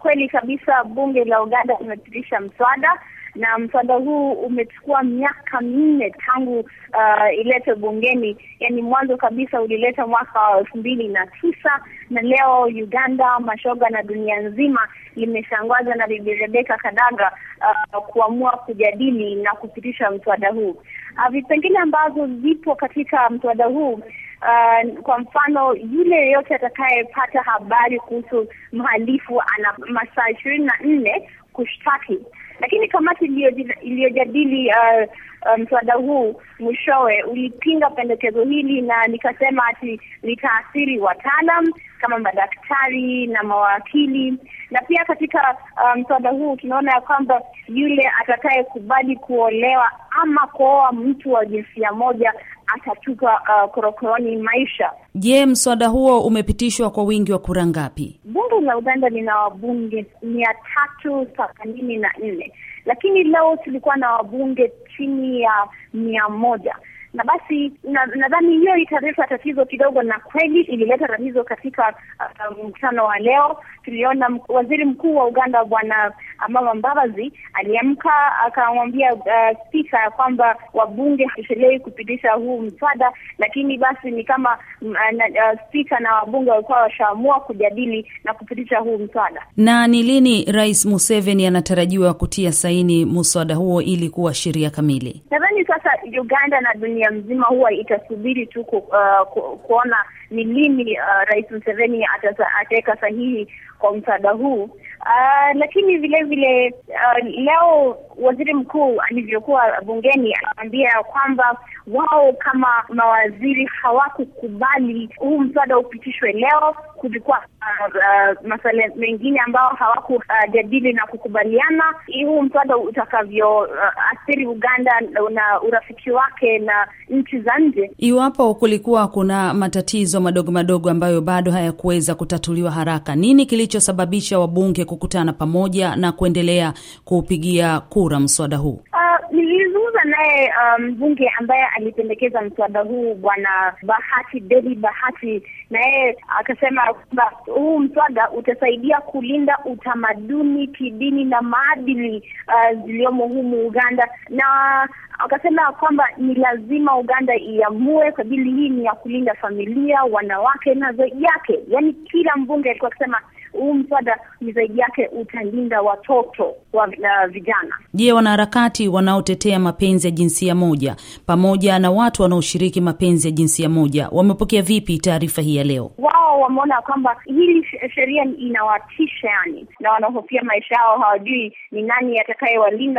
Kweli kabisa, bunge la Uganda limepitisha mswada na mswada huu umechukua miaka minne tangu uh, ilete bungeni. Yani mwanzo kabisa ulileta mwaka wa elfu mbili na tisa na leo Uganda, mashoga na dunia nzima limeshangwaza na Bibi Rebeka Kadaga uh, kuamua kujadili na kupitisha mswada huu. Uh, vipengele ambavyo vipo katika mswada huu Uh, kwa mfano yule yeyote atakayepata habari kuhusu mhalifu ana masaa ishirini na nne kushtaki. Lakini kamati iliyojadili ah, ah, mswada um, huu mwishowe ulipinga pendekezo hili na likasema ati litaathiri wataalam kama madaktari na mawakili. Na pia katika mswada um, huu tunaona ya kwamba yule atakayekubali kuolewa ama kuoa mtu wa jinsia moja atatupa uh, korokoroni maisha. Je, mswada huo umepitishwa kwa wingi wa kura ngapi? Bunge la Uganda lina wabunge mia tatu themanini na nne lakini leo tulikuwa na wabunge chini ya mia moja na basi nadhani na hiyo italeta tatizo kidogo, na kweli ilileta tatizo katika uh, mkutano wa leo. Tuliona waziri mkuu wa Uganda bwana ama Mbabazi aliamka akamwambia uh, spika kwamba wabunge hatuchelewi kupitisha huu mswada, lakini basi ni kama mm, uh, uh, spika na wabunge walikuwa washaamua kujadili na kupitisha huu mswada. Na ni lini Rais Museveni anatarajiwa kutia saini mswada huo ili kuwa sheria kamili? Nadhani sasa Uganda na dunia mzima huwa itasubiri tu ku, uh, ku, kuona ni lini uh, Rais Museveni ataweka sahihi kwa mswada huu. Ah, lakini vile vile uh, leo waziri mkuu alivyokuwa bungeni anaambia kwamba wao kama mawaziri hawakukubali huu mswada upitishwe leo, kulikuwa uh, uh, masuala mengine ambao hawakujadili uh, na kukubaliana huu mswada utakavyoathiri uh, Uganda na urafiki wake na nchi za nje, iwapo kulikuwa kuna matatizo madogo madogo ambayo bado hayakuweza kutatuliwa haraka. Nini kilichosababisha wabunge kukutana pamoja na kuendelea kuupigia kura mswada huu? ambaye um, mbunge um, ambaye alipendekeza mswada huu bwana Bahati Deli Bahati naye akasema kwamba huu mswada utasaidia kulinda utamaduni kidini na maadili uh, ziliyomo humu Uganda na akasema kwamba ni lazima Uganda iamue kwa ajili hii ni ya kulinda familia, wanawake na zaidi yake. yani kila mbunge alikuwa akisema huu mswada ni zaidi yake utalinda watoto wa na vijana. Je, wanaharakati wanaotetea mapenzi ya jinsia moja pamoja na watu wanaoshiriki mapenzi ya jinsia moja wamepokea vipi taarifa hii ya leo? Wao wameona kwamba hili sheria inawatisha, yani na wanahofia maisha yao, hawajui ni nani atakayewalinda